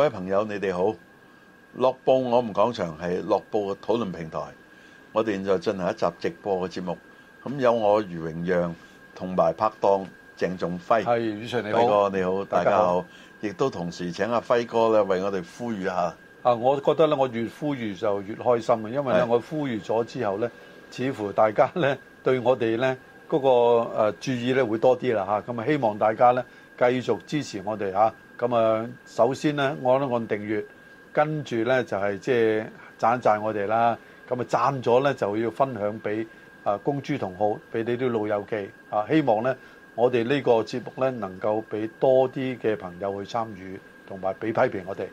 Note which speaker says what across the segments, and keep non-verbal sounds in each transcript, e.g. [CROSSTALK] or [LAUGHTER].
Speaker 1: 各位朋友，你哋好！樂報我唔講場，係樂報嘅討論平台。我哋現在進行一集直播嘅節目。咁有我余榮讓同埋拍檔鄭仲輝，輝哥，哥，哥你好，大家好。家好亦都同時請阿輝哥咧為我哋呼籲下。啊，
Speaker 2: 我覺得咧，我越呼籲就越開心嘅，因為咧我呼籲咗之後咧，似乎大家咧對我哋咧嗰個誒注意咧會多啲啦吓。咁啊，希望大家咧繼續支持我哋吓。咁啊，首先咧，我都按訂閲，跟住咧就係即係贊一贊我哋啦。咁啊贊咗咧就要分享俾啊公諸同好，俾你啲老友記啊。希望咧，我哋呢個節目咧能夠
Speaker 1: 俾多啲嘅朋友去參與，同埋俾批評我哋。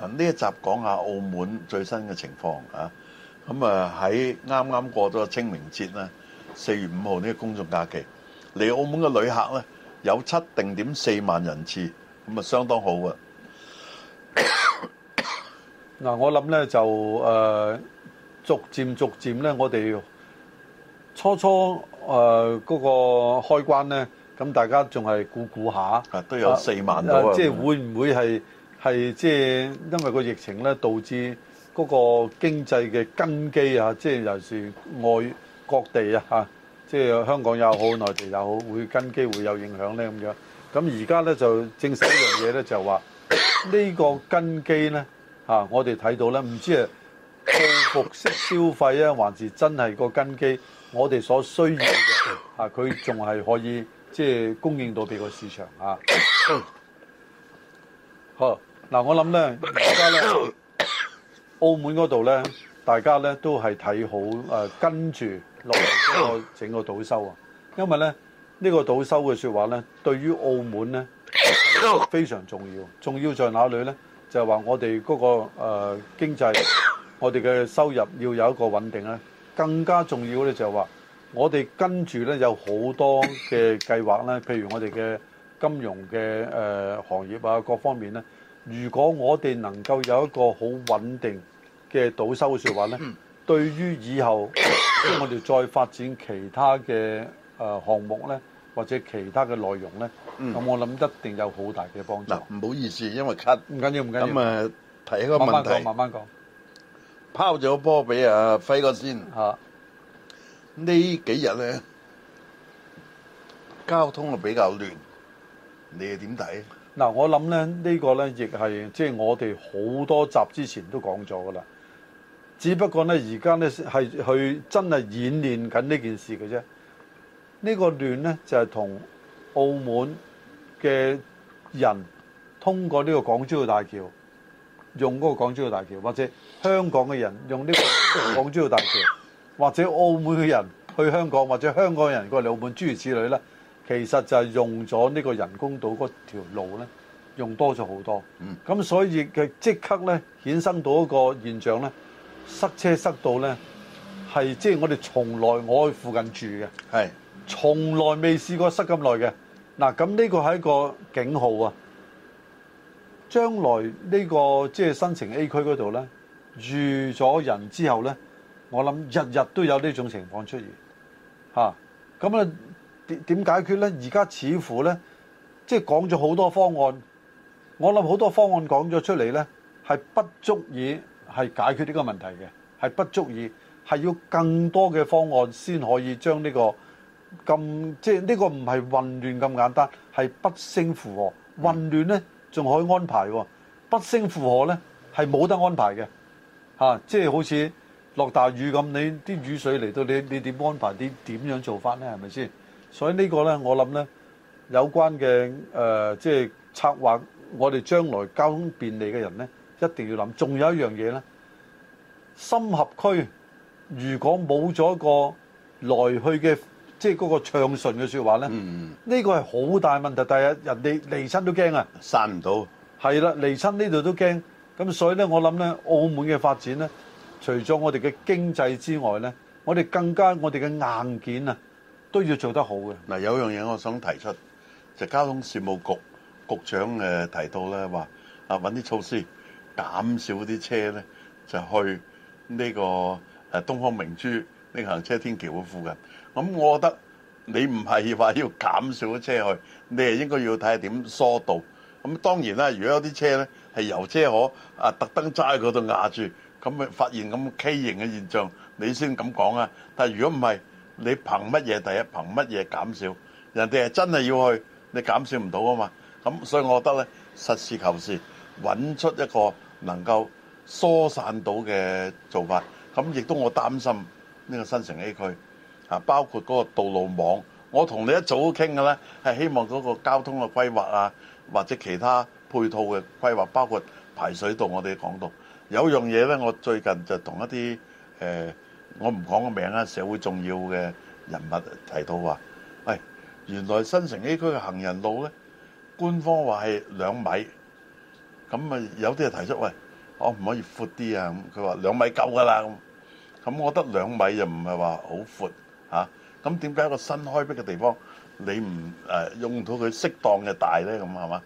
Speaker 1: 嗱，呢一集講下澳門最新嘅情況啊。咁啊喺啱啱過咗清明節啦，四月五號呢個公眾假期，嚟澳門嘅旅客咧有七定點四萬人次。咁啊，相當好啊！
Speaker 2: 嗱，我諗咧就誒，逐漸逐漸咧，我哋初初誒嗰個開關咧，咁大家仲係估估下。
Speaker 1: 啊，都有四萬多啊！即係會
Speaker 2: 唔會係係即係因為個疫情咧，導致嗰個經濟嘅根基啊，即係尤其是外國地啊嚇，即係香港又好，內地又好，會根基會有影響咧咁樣？咁而家咧就證實一樣嘢咧，就話呢個根基咧吓，我哋睇到咧，唔知啊報復式消費咧，還是真係個根基，我哋所需要嘅啊，佢仲係可以即係供應到俾個市場啊。好嗱，我諗咧而家咧澳門嗰度咧，大家咧都係睇好誒跟住落嚟呢個整個賭收啊，因為咧。呢個賭收嘅說話呢對於澳門呢非常重要。重要在哪裏呢？就係話我哋嗰個誒經濟，我哋嘅收入要有一個穩定咧。更加重要是說呢，就係話，我哋跟住呢，有好多嘅計劃呢，譬如我哋嘅金融嘅誒行業啊，各方面呢。如果我哋能夠有一個好穩定嘅賭收嘅說話呢，對於以後我哋再發展其他嘅誒項目呢。或者其他嘅內容咧，咁、嗯、我諗一定有好大嘅幫助。嗱、嗯，唔好意思，因為咳，唔緊要，唔緊要。咁啊，提一個問題，慢慢講，慢
Speaker 1: 慢講。拋咗波俾阿輝哥先。啊的，呢幾日咧交通啊比較亂，
Speaker 2: 你又點睇？嗱，我諗咧呢、呢個咧亦係即係我哋好多集之前都講咗噶啦，只不過咧而家咧係去真係演練緊呢件事嘅啫。呢個亂呢，就係同澳門嘅人通過呢個港珠澳大橋，用嗰個港珠澳大橋，或者香港嘅人用呢個港珠澳大橋，或者澳門嘅人去香港，或者香港人過嚟澳門，諸如此類呢，其實就係用咗呢個人工島嗰條路呢，用多咗好多。咁所以佢即刻呢，衍生到一個現象呢，塞車塞到呢，係即係我哋從來我去附近住嘅。從來未試過塞咁耐嘅嗱，咁呢個係一個警號啊！將來呢個即係新城 A 區嗰度呢，預咗人之後呢，我諗日日都有呢種情況出現嚇。咁啊點、嗯、解決呢？而家似乎呢，即係講咗好多方案，我諗好多方案講咗出嚟呢，係不足以係解決呢個問題嘅，係不足以係要更多嘅方案先可以將呢個。咁即係呢個唔係混亂咁簡單，係不勝負荷。混亂咧仲可以安排喎，不勝負荷咧係冇得安排嘅。嚇，即係好似落大雨咁，你啲雨水嚟到，你你點安排？啲點樣做法咧？係咪先？所以呢個咧，我諗咧，有關嘅誒，即係策劃我哋將來交通便利嘅人咧，一定要諗。仲有一樣嘢咧，深合區如果冇咗一個來去嘅。即係嗰個暢順嘅説話咧、嗯，呢個係好大問題。第日人哋離親都驚啊，散唔到。係啦，離親呢度都驚。咁所以咧，我諗咧，澳門嘅發展咧，除咗我哋嘅經濟之外咧，我哋更加我哋嘅
Speaker 1: 硬件啊，都要做得好嘅。嗱，有樣嘢我想提出，就是、交通事務局局，局長誒提到咧話，啊揾啲措施減少啲車咧，就去呢個誒東方明珠呢、呢個、行車天橋附近。咁我覺得你唔係話要減少咗車去，你係應該要睇下點疏導。咁當然啦，如果有啲車呢係遊車河啊，特登揸喺嗰度壓住，咁咪發現咁畸形嘅現象，你先咁講啊！但係如果唔係，你憑乜嘢第一？憑乜嘢減少？人哋係真係要去，你減少唔到啊嘛！咁所以我覺得呢，實事求是，揾出一個能夠疏散到嘅做法。咁亦都我擔心呢個新城 A 區。啊，包括嗰個道路網，我同你一早都傾嘅呢，係希望嗰個交通嘅規劃啊，或者其他配套嘅規劃，包括排水道，我哋講到有樣嘢呢，我最近就同一啲、呃、我唔講個名啊，社會重要嘅人物提到話，喂、哎，原來新城 A 區嘅行人路呢，官方話係兩米，咁啊有啲人提出喂，可唔可以闊啲啊咁，佢話兩米夠㗎啦，咁我覺得兩米就唔係話好闊。咁點解一個新開闢嘅地方你唔、啊、用到佢適當嘅大咧咁係嘛？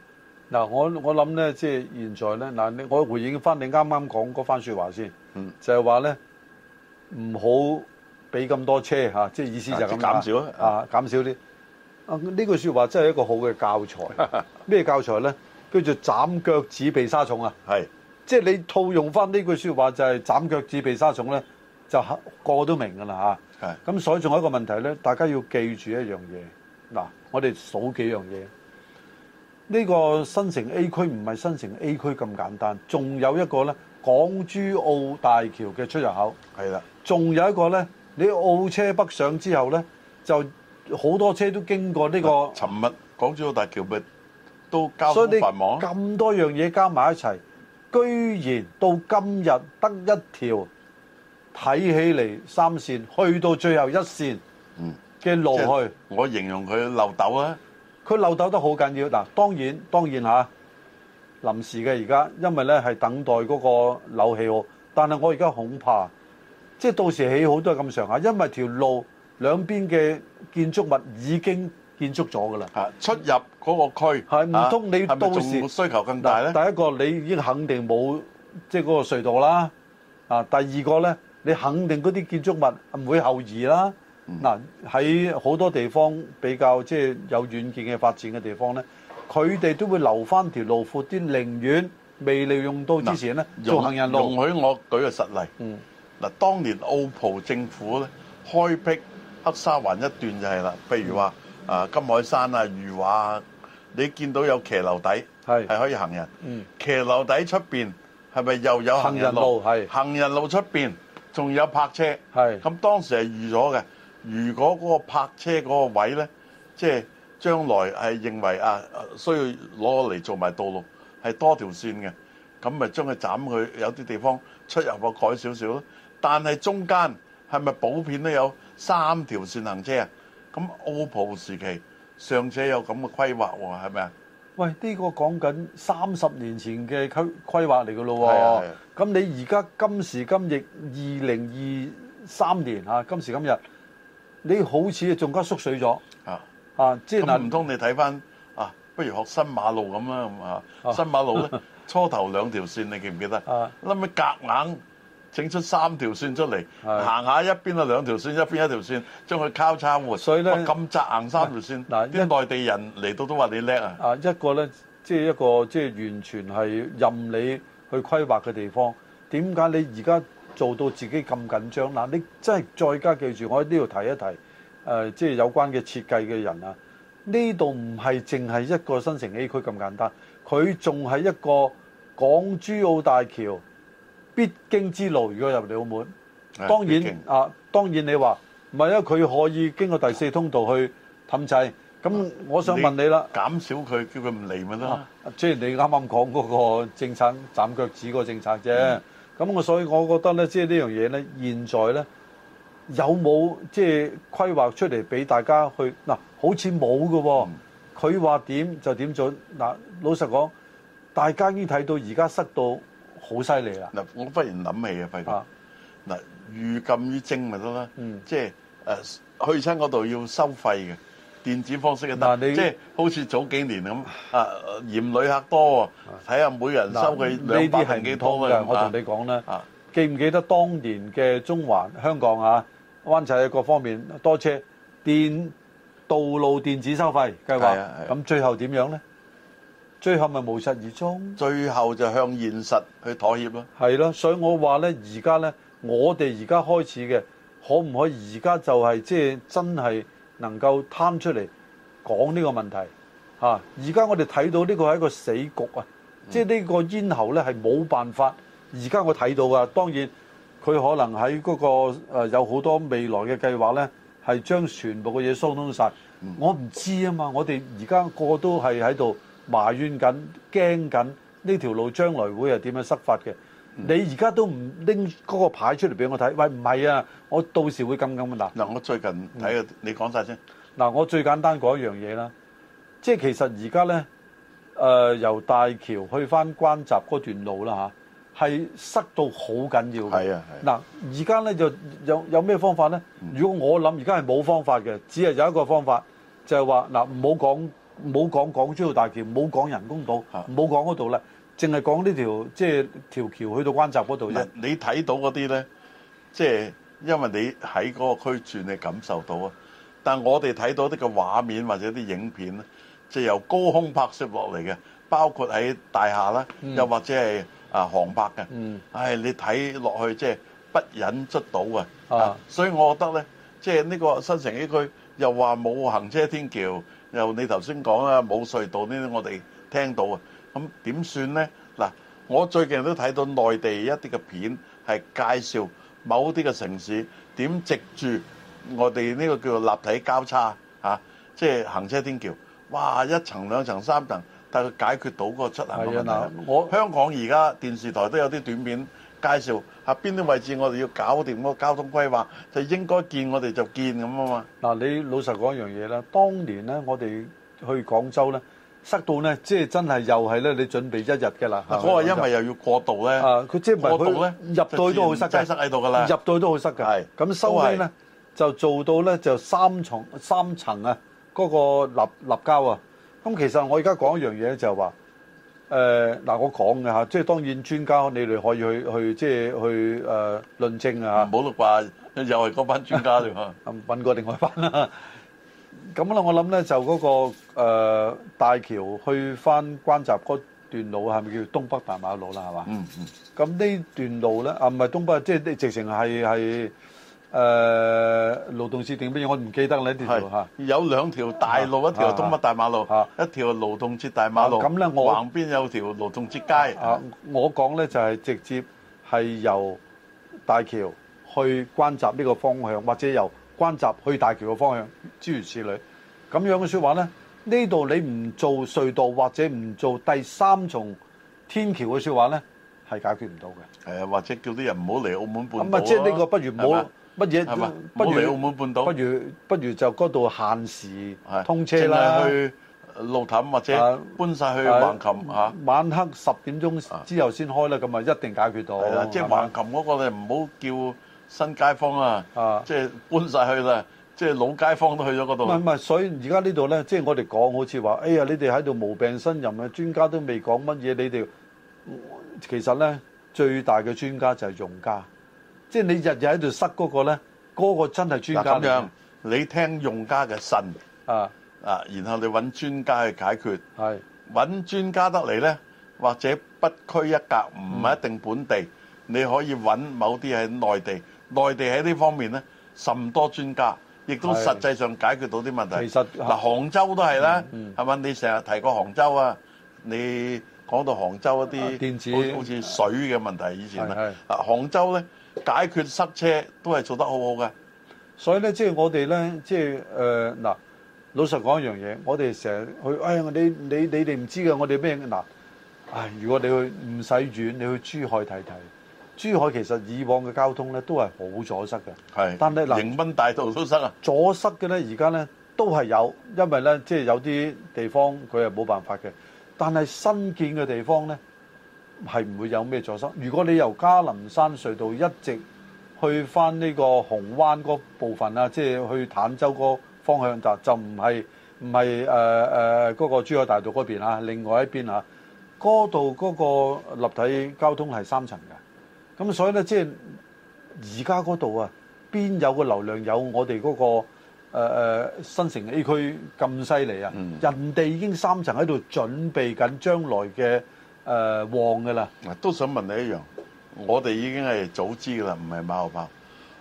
Speaker 1: 嗱、啊，我我諗咧，即係現在咧，嗱、啊，我回應翻你啱啱講嗰
Speaker 2: 番說話先，嗯、就係話咧唔好俾咁多車嚇即係、啊、意思就係咁啦。啊，減少啊，啊，減少啲。啊，呢句說話真係一個好嘅教材。咩 [LAUGHS] 教材咧？叫做斬腳趾避沙蟲啊！係是，即係你套用翻呢句說話就係斬腳趾避沙蟲咧，就個個都明㗎啦。咁所以仲有一個問題咧，大家要記住一樣嘢。嗱，我哋數幾樣嘢。呢個新城 A 區唔係新城 A 區咁簡單，仲有一個咧，港珠澳大橋嘅出入口。係啦，仲有一個咧，你澳車北上之後咧，就好多車都經過呢個。尋日港珠澳大橋咪都交通繁忙。咁多樣嘢加埋一齊，居然到今日得一條。睇起嚟三線，去到最後一線嘅路去，嗯、我形容佢漏斗啊！佢漏斗得好緊要嗱。當然當然嚇、啊，臨時嘅而家，因為咧係等待嗰個漏氣喎。但係我而家恐怕，即係到時起好都係咁上下，因為條路兩邊嘅建築物已經建築咗㗎啦。出入嗰個區唔通你到時、啊、是是需求咁大咧？第一個你已經肯定冇即係嗰個隧道啦。啊，第二個咧。你肯定嗰啲建築物唔會後移啦。嗱，喺好多地方比較即係有遠見嘅發展嘅地方咧，佢哋都會留翻條路闊啲，寧願未利用到之前咧，做行人路。容許
Speaker 1: 我舉個實例。嗯，嗱，當年澳葡政府咧，開闢黑沙環一段就係啦。譬如話啊，金海山啊、漁華啊，你見到有騎樓底係係可以行人。嗯，騎樓底出邊係咪又有行人路？行人路出邊？仲有泊車，咁當時係預咗嘅。如果嗰個泊車嗰個位咧，即係將來係認為啊需要攞嚟做埋道路，係多條線嘅，咁咪將佢斬去，有啲地方出入會改少少咯。但係中間係咪普遍都有三條線行車啊？咁澳葡時期尚且有咁嘅規劃喎，係咪啊？
Speaker 2: 喂，呢、呢個講緊三十年前嘅規規劃嚟㗎咯喎，咁、啊啊啊、你而家今時今日二零二三年啊，今時今日，今時今日
Speaker 1: 你好似仲加縮水咗啊啊！即係唔通你睇翻啊？不如學新馬路咁啦，嚇、啊、新馬路咧、啊、初頭兩條線你記唔記得？臨尾夾硬。整出三條線出嚟，行下一邊啊兩條線，一邊一條線，將佢交叉活。所以咧，咁窄行三條線。嗱，啲內地人嚟到都話你叻啊！啊，
Speaker 2: 啊啊一個咧，即係一個即係完全係任你去規劃嘅地方。點解你而家做到自己咁緊張？嗱，你真係再加記住，我喺呢度提一提，誒，即係有關嘅設計嘅人啊。呢度唔係淨係一個新城 A 區咁簡單，佢仲係一個港珠澳大橋。必經之路，如果入嚟澳門，當然經啊，當然你話唔係，因為佢可以經過第四通道去氹仔。咁我想問你啦，減少佢叫佢唔嚟咪得咯？即係你啱啱講嗰個政策斬腳趾嗰個政策啫。咁我、嗯、所以我覺得咧，即係呢樣嘢咧，現在咧有冇即係規劃出嚟俾大家去嗱、啊？好似冇㗎喎，佢話點就點做。
Speaker 1: 嗱、啊，老實講，大家已經睇到而家塞到。好犀利啦！嗱，我忽然諗起啊，費哥嗱，愈禁愈精咪得啦，即係誒去親嗰度要收費嘅電子方式嘅，即係好似早幾年咁啊，嫌旅客多喎，睇下每人收佢兩百零幾蚊噶，我同你
Speaker 2: 講啦，記唔記得當年嘅中環香港啊，灣仔各方面多車電道路電子收費計劃，咁最後點樣咧？最後咪無疾而終，最後就向現實去妥協咯。係咯，所以我話呢，而家呢，我哋而家開始嘅，可唔可以而家就係、是、即係真係能夠攤出嚟講呢個問題？嚇、啊！而家我哋睇到呢個係一個死局啊！嗯、即係呢個咽喉呢係冇辦法。而家我睇到啊，當然佢可能喺嗰、那個有好多未來嘅計劃呢係將全部嘅嘢疏通晒。嗯、我唔知啊嘛，我哋而家個個都係喺度。埋怨緊，驚緊呢條路將來會係點樣塞法嘅？你而家都唔拎嗰個牌出嚟俾我睇，喂，唔係啊！我到時會咁咁啊！嗱嗱，我最近睇下、嗯、你講晒先。嗱，我最簡單嗰一樣嘢啦，即係其實而家咧，誒、呃、由大橋去翻關閘嗰段路啦吓，係、啊、塞到好緊要嘅。係啊，係、啊。嗱，而家咧就有有咩方法咧？如果我諗而家係冇方法嘅，只係有一個方法，就係話嗱，唔好講。冇講港珠澳大橋，冇講人工島，冇講嗰度啦，淨係講呢條即係條橋去到關閘嗰度啫。
Speaker 1: 你睇到嗰啲咧，即係因為你喺嗰個區轉，你感受到啊。但我哋睇到啲個畫面或者啲影片咧，即係由高空拍攝落嚟嘅，包括喺大廈啦，嗯、又或者係啊航拍嘅。嗯，唉、哎，你睇落去即係不忍卒睹啊！啊，所以我覺得咧，即係呢個新城 A 區又話冇行車天橋。又你頭先講啦，冇隧道呢啲我哋聽到啊，咁點算呢？嗱，我最近都睇到內地一啲嘅片，係介紹某啲嘅城市點藉住我哋呢個叫做立體交叉嚇，即係行車天橋，哇！一層兩層三層，但係解決到嗰個出行嘅問題。我香港而家電視台都有啲短片。介紹下邊啲位置，我哋要搞掂嗰個交通規劃，就應該見我哋就見咁啊嘛。嗱，你老實講一樣嘢啦，當年咧，我哋去廣州咧，塞到咧，
Speaker 2: 即係真係又係咧，你準備一日嘅啦。我係因為又要過渡咧，啊，佢即係過渡咧，入到都好塞，擠塞喺度噶啦，入到都好塞嘅。咁收尾咧，就做到咧，就三重三層啊，嗰個立立交啊。咁其實我而家講一樣嘢咧就係話。誒，嗱、呃、我講嘅吓，即係當然專家，你哋可以去去即係去誒、呃、論證啊冇，唔好又係嗰班專家嚟個。問 [LAUGHS] 過另外一班啦。咁 [LAUGHS] 啦，我諗咧就嗰、那個誒、呃、大橋去翻關閘嗰段路，係咪叫東北大馬路啦？係嘛、嗯。嗯嗯。咁呢段路咧，啊唔係東北，即係直情係係。誒，勞、呃、動節定乜嘢我唔記得啦呢條吓，
Speaker 1: 有兩條大路，啊、一條東北大馬路，啊、一條勞動節大馬路。咁咧、啊，我旁邊有條勞動節街。啊，是我講咧就係、是、直接係
Speaker 2: 由大橋去關閘呢個方向，或者由關閘去大橋嘅方向，諸如此類。咁樣嘅說話咧，呢度你唔做隧道或者唔做第三重天橋嘅說話咧，係解決唔到嘅。係啊、呃，或者
Speaker 1: 叫啲人唔好嚟澳門半島。咁啊，即係呢個不如唔好乜嘢係嘛？不如澳門半島。不如不如就嗰度限時通車啦。去路氹或者搬
Speaker 2: 晒去橫琴吓、啊、晚黑十點鐘之後先開啦，咁啊，一定解決到。係啦，即係橫
Speaker 1: 琴嗰個你唔好叫新街坊啊，即係搬晒去啦，即係老街坊都去咗嗰度。唔係
Speaker 2: 唔係，所以而家呢度咧，即係我哋講好似話，哎呀，你哋喺度無病呻吟啊！專家都未講乜嘢，你哋其實咧最大嘅專家就
Speaker 1: 係用家。即係你日日喺度塞嗰個咧，嗰、嗰個真係專家。咁樣，你聽用家嘅信啊啊，然後你揾專家去解決。係揾是專家得嚟咧，或者不拘一格，唔係一定本地。嗯、你可以揾某啲喺內地，內地喺呢方面咧甚多專家，亦都實際上解決到啲問題。其實嗱，啊、杭州都係啦，係咪、嗯嗯？你成日提過杭州啊，你講到杭州一啲，電池好似水嘅問題以前啊，杭州咧。解決塞車都係做得好好嘅，所以咧即係我哋咧
Speaker 2: 即係誒嗱，老實講一樣嘢，我哋成日去，哎，你你你哋唔知嘅，我哋咩嗱？唉、呃哎，如果你去唔使遠，你去珠海睇睇，珠海其實以往嘅交通咧都係好阻塞嘅。是但係是嗱，迎賓大道都塞啊？阻塞嘅咧，而家咧都係有，因為咧即係有啲地方佢係冇辦法嘅，但係新建嘅地方咧。係唔會有咩阻塞？如果你由嘉林山隧道一直去翻呢個紅灣嗰部分啊，即係去坦洲嗰方向達，就唔係唔係誒誒嗰個珠海大道嗰邊啊，另外一邊啊，嗰度嗰個立體交通係三層嘅，咁所以呢，即係而家嗰度啊，邊有個流量有我哋嗰個誒誒新城 A 區咁犀利啊？嗯、人哋已經三層喺度準備
Speaker 1: 緊將來嘅。誒旺嘅啦，都想問你一樣，我哋已經係早知嘅啦，唔係馬後炮。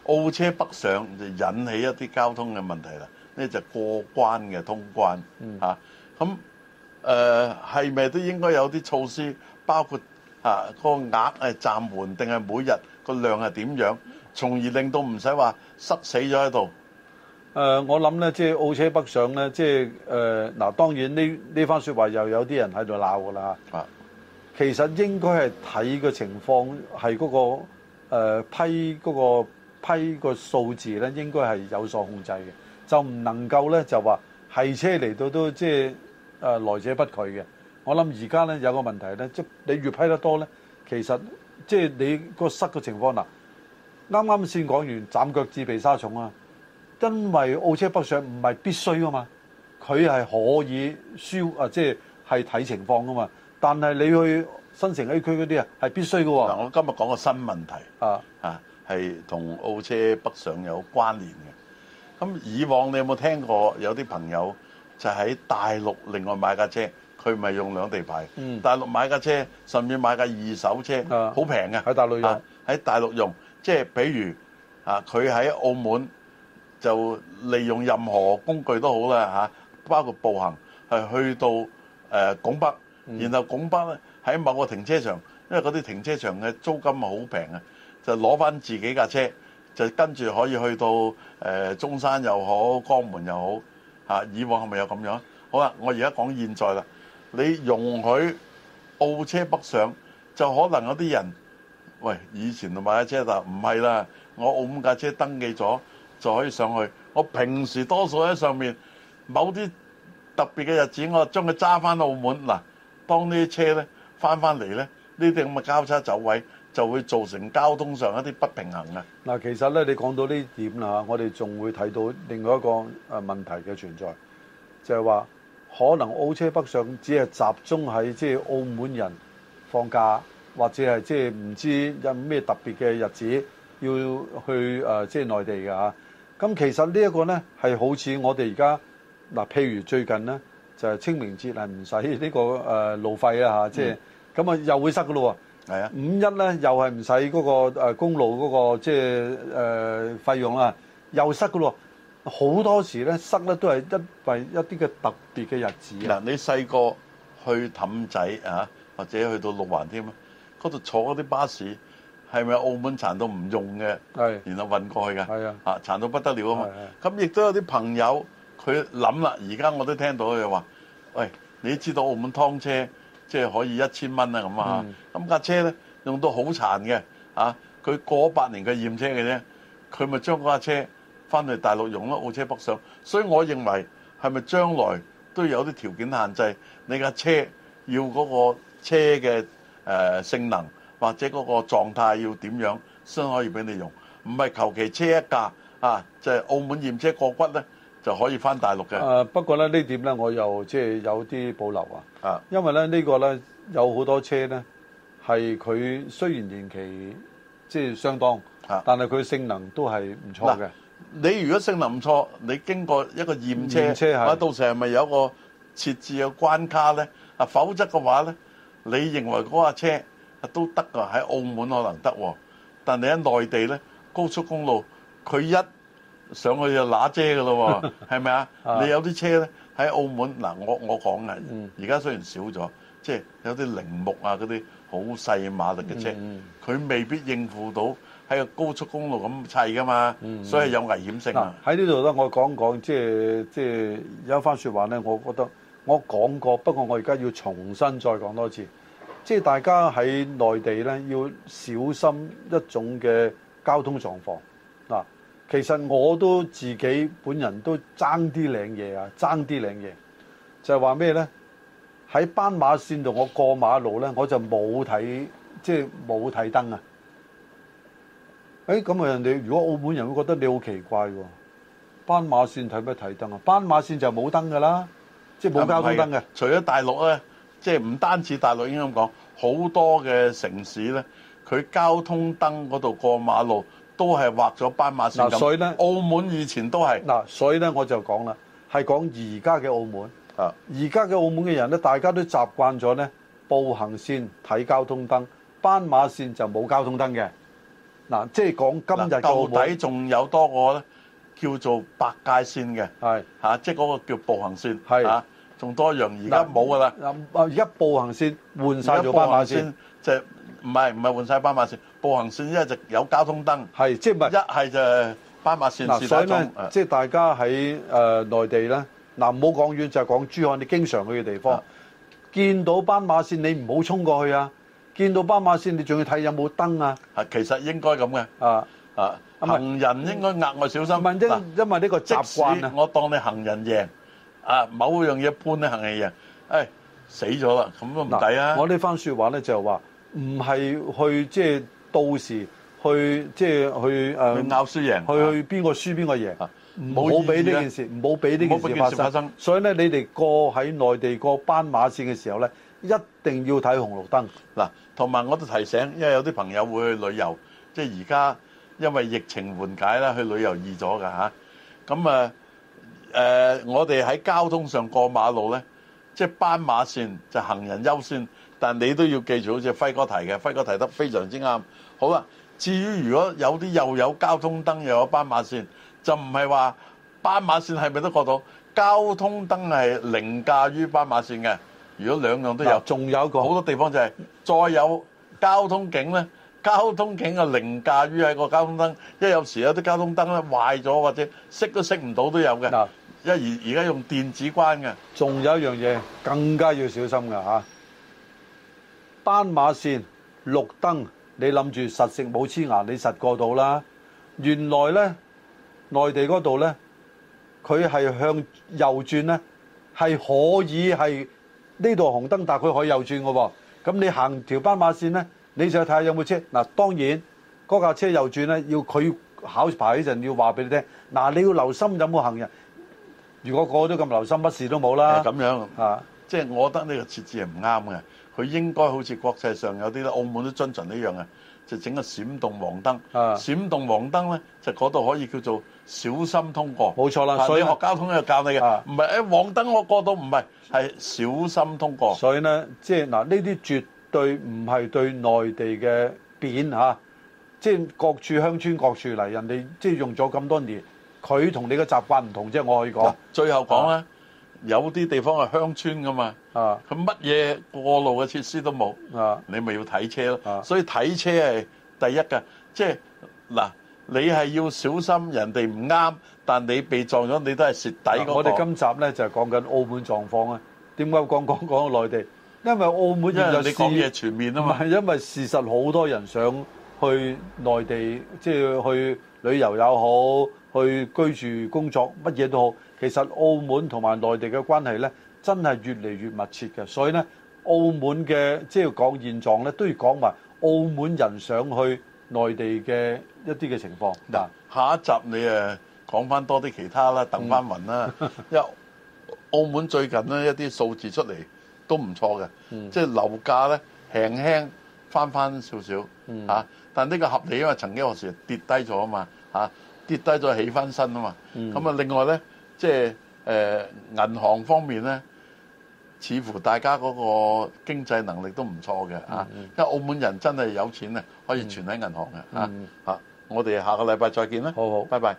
Speaker 1: 澳車北上就引起一啲交通嘅問題啦，呢就過關嘅通關嚇，咁誒係咪都應該有啲措施，包括嚇個額係暫緩，定係每日個量係點樣？從而令到唔使話塞死咗喺度。
Speaker 2: 誒，我諗咧，即係澳車北上咧，即係誒嗱，當然呢呢番説話又有啲人喺度鬧嘅啦嚇。其實應該係睇個情況，係嗰個批嗰個批個數字咧，應該係有所控制嘅，就唔能夠咧就話係車嚟到都即係誒來者不拒嘅。我諗而家咧有個問題咧，即你越批得多咧，其實即係你個塞嘅情況嗱，啱啱先講完斬腳趾避沙蟲啊，因為澳車北上唔係必須噶嘛，佢係可以消啊，即係係睇情況噶嘛。但係你去新城 A 區嗰啲啊，係必須嘅喎。嗱，我今日講個新問題啊，
Speaker 1: 啊，係同澳車北上有關聯嘅。咁以往你有冇聽過有啲朋友就喺大陸另外買架車，佢咪用兩地牌？嗯，大陸買架車，甚至買架二手車，好平嘅喺大陸用。喺大陸用，即係比如啊，佢喺澳門就利用任何工具都好啦吓，包括步行係去到誒拱北。然後拱北咧喺某個停車場，因為嗰啲停車場嘅租金好平啊，就攞翻自己架車，就跟住可以去到誒中山又好、江門又好嚇。以往係咪有咁樣？好啦，我而家講現在啦，你容許澳車北上，就可能有啲人，喂，以前就買架車就唔係啦，我澳門架車登記咗就可以上去。我平時多數喺上面，某啲特別嘅日子，我將佢揸翻澳門嗱。當呢啲車咧翻翻嚟咧，呢啲咁嘅交叉走位就會造成交通上一啲不平衡嘅。嗱，其實咧你講到呢點啦，我哋仲會睇到另外一
Speaker 2: 個誒問題嘅存在，就係話可能澳車北上只係集中喺即係澳門人放假或者係即係唔知有咩特別嘅日子要去誒即係內地嘅嚇。咁其實呢一個呢，係好似我哋而家嗱，譬如最近呢。就係清明節啊，唔使呢個誒路費啦嚇，即係咁啊，又會塞噶咯喎。是啊，五一咧又係唔使嗰個公路嗰個即係誒費用啦，又塞噶咯，好多
Speaker 1: 時咧塞咧都係一係一啲嘅特別嘅日子，啊。嗱、嗯，你細個去氹仔啊，或者去到六環添啊，嗰度坐嗰啲巴士係咪澳門殘到唔用嘅？係，是啊、然後運過去㗎。係是啊，啊，啊殘到不得了是啊嘛、啊。咁亦是、啊、都有啲朋友佢諗啦，而家我都聽到佢話。喂、哎，你知道澳門劏車即係、就是、可以一千蚊啦咁啊，咁架、嗯、車咧用到好殘嘅，啊，佢過八年嘅驗車嘅啫，佢咪將架車翻去大陸用咯，澳車北上。所以我認為係咪將來都有啲條件限制？你架車要嗰個車嘅、呃、性能或者嗰個狀態要點樣先可以俾你用？唔係求其車一架啊，就係、是、澳門驗車過骨咧。就可以翻大陸嘅、
Speaker 2: 啊。不過咧，呢點咧，我又即係有啲保留啊。啊，因為咧呢個咧有好多車咧，係佢雖然延期，即
Speaker 1: 係相當，但係佢性能都係唔錯嘅、啊。你如果性能唔錯，你經過一個驗車，驗車係，到時係咪有一個設置嘅關卡咧？啊，否則嘅話咧，你認為嗰架車啊都得㗎，喺澳門可能得，但你喺內地咧高速公路，佢一上去就揦遮嘅咯喎，係咪啊？ [LAUGHS] 你有啲車咧喺澳門嗱，我我講啊，而家雖然少咗，嗯、即係有啲鈴木啊嗰啲好細馬力嘅車，佢、嗯、未必應付到喺個高速公路咁砌噶嘛，嗯、所以有危險性啊！
Speaker 2: 喺呢度咧，我講講即係即係有一番説話咧，我覺得我講過，不過我而家要重新再講多次，即係大家喺內地咧要小心一種嘅交通狀況嗱。其實我都自己本人都爭啲領嘢啊，爭啲領嘢，就係話咩呢？喺斑馬線度我過馬路呢，我就冇睇，即係冇睇燈啊！咁、欸、啊人哋如果澳門人會覺得你好奇怪喎、啊？斑馬線睇
Speaker 1: 咩睇燈啊？斑馬線就冇燈㗎啦，即係冇交通燈嘅。除咗大陸呢，即係唔單止大陸應該咁講，好多嘅城市呢，佢交通燈嗰度過馬路。都係畫咗斑馬線，所以呢，
Speaker 2: 澳門以
Speaker 1: 前都係。嗱，所以呢，我
Speaker 2: 就講啦，係講而家嘅澳門。啊是，而家嘅澳門嘅人呢，大家都習慣咗呢，步行線睇交通燈，斑馬線就冇交通燈嘅。
Speaker 1: 嗱，即係講今日到底仲有多個呢，叫做白界線嘅。係是。嚇、啊，即係嗰個叫步行線。係是。啊。仲多樣，而家冇噶啦。
Speaker 2: 嗱，而家步行線換曬咗斑馬線，
Speaker 1: 即係唔係唔係換曬斑馬線？步行線一直有交通燈，係即係唔係？一係就斑馬線。嗱，所以咧，即係
Speaker 2: 大家喺誒內地咧，嗱，唔好講遠，就係講珠海，你經常去嘅地方，見到斑馬線你唔好衝過去啊！見到斑馬線你仲要睇有冇燈啊？係，其實應
Speaker 1: 該咁嘅。啊啊，行人應該額外小心。因為呢個習慣啊，我當你行人贏。啊，某樣嘢一般行嘅人，哎，死咗啦，咁都唔抵啊！我番呢番說話咧就係話，唔係去即係到時
Speaker 2: 去即係去誒拗、呃、輸贏，去去邊個輸邊個贏，冇俾呢件事，冇俾呢件事發生。所以咧，你哋過喺內地過斑馬線嘅時候咧，
Speaker 1: 一定要睇紅綠燈。嗱，同埋我都提醒，因為有啲朋友會去旅遊，即係而家因為疫情緩解啦，去旅遊易咗噶吓，咁啊。啊誒，我哋喺交通上過馬路呢，即係斑馬線就行人優先，但你都要記住，好似輝哥提嘅，輝哥提得非常之啱。好啦，至於如果有啲又有交通燈又有斑馬線，就唔係話斑馬線係咪都過到？交通燈係凌駕於斑馬線嘅。如果兩樣都有，仲有一個好多地方就係再有交通警呢，交通警啊凌駕於喺個交通燈，因為有時有啲交通燈咧壞咗或者熄都熄唔到都有嘅。一而而家用電子關嘅，仲有一樣嘢更加要小心㗎吓。
Speaker 2: 斑、啊、馬線綠燈，你諗住實食冇黐牙，你實過到啦。原來咧，內地嗰度咧，佢係向右轉咧，係可以係呢度紅燈，但佢可以右轉嘅喎。咁你行條斑馬線咧，你就睇下有冇車嗱、啊。當然嗰架車右轉咧，要佢考牌嗰陣要話俾你聽嗱、啊，你要留心有冇行人。
Speaker 1: 如果個個都咁留心，乜事都冇啦。咁樣啊，即係我覺得呢個設置係唔啱嘅。佢應該好似國際上有啲啦，澳門都遵循呢樣嘅，就整個閃動黃燈。啊，閃動黃燈咧，就嗰度可以叫做小心通過。冇錯啦，啊、所以學交通就教你嘅，唔係一黃燈我過到，唔係係小心通過。所以咧，
Speaker 2: 即係嗱，呢啲絕對唔係對內地嘅貶嚇，即、啊、係、就是、各處鄉村各處嚟，人哋即係用咗咁多年。佢同你嘅習慣唔同即係，我可以
Speaker 1: 講。最後講咧，有啲地方係鄉村噶嘛，啊，佢乜嘢過路嘅設施都冇，啊，你咪要睇車咯，啊，所以睇車係第一噶，即係嗱，你係要小心人哋唔啱，但你被撞咗，你都係蝕底嗰個。我哋今
Speaker 2: 集咧就係講緊澳門狀況啊，點解講講講到內地？因為澳門有人你講嘢全面啊嘛，唔係因為事實好多人想去內地，即係去旅遊又好，去居住、工作，乜嘢都好。其實澳門同埋內地嘅關係呢真係越嚟越密切嘅。所以呢，澳門嘅即係講現狀呢都要講埋澳門人上去內地
Speaker 1: 嘅一啲嘅情況。嗱，下一集你誒講翻多啲其他啦，等翻雲啦。嗯、因為澳門最近呢，一啲數字出嚟都唔錯嘅，即係、嗯、樓價呢輕輕翻翻少少、嗯啊、但呢個合理因為曾經有時跌低咗啊嘛。跌低咗起翻身啊嘛，咁啊、嗯、另外咧，即係誒、呃、銀行方面咧，似乎大家嗰個經濟能力都唔錯嘅啊，嗯嗯因為澳門人真係有錢啊，可以存喺銀行嘅、嗯嗯啊、我哋下個禮拜再見啦，好好，拜拜。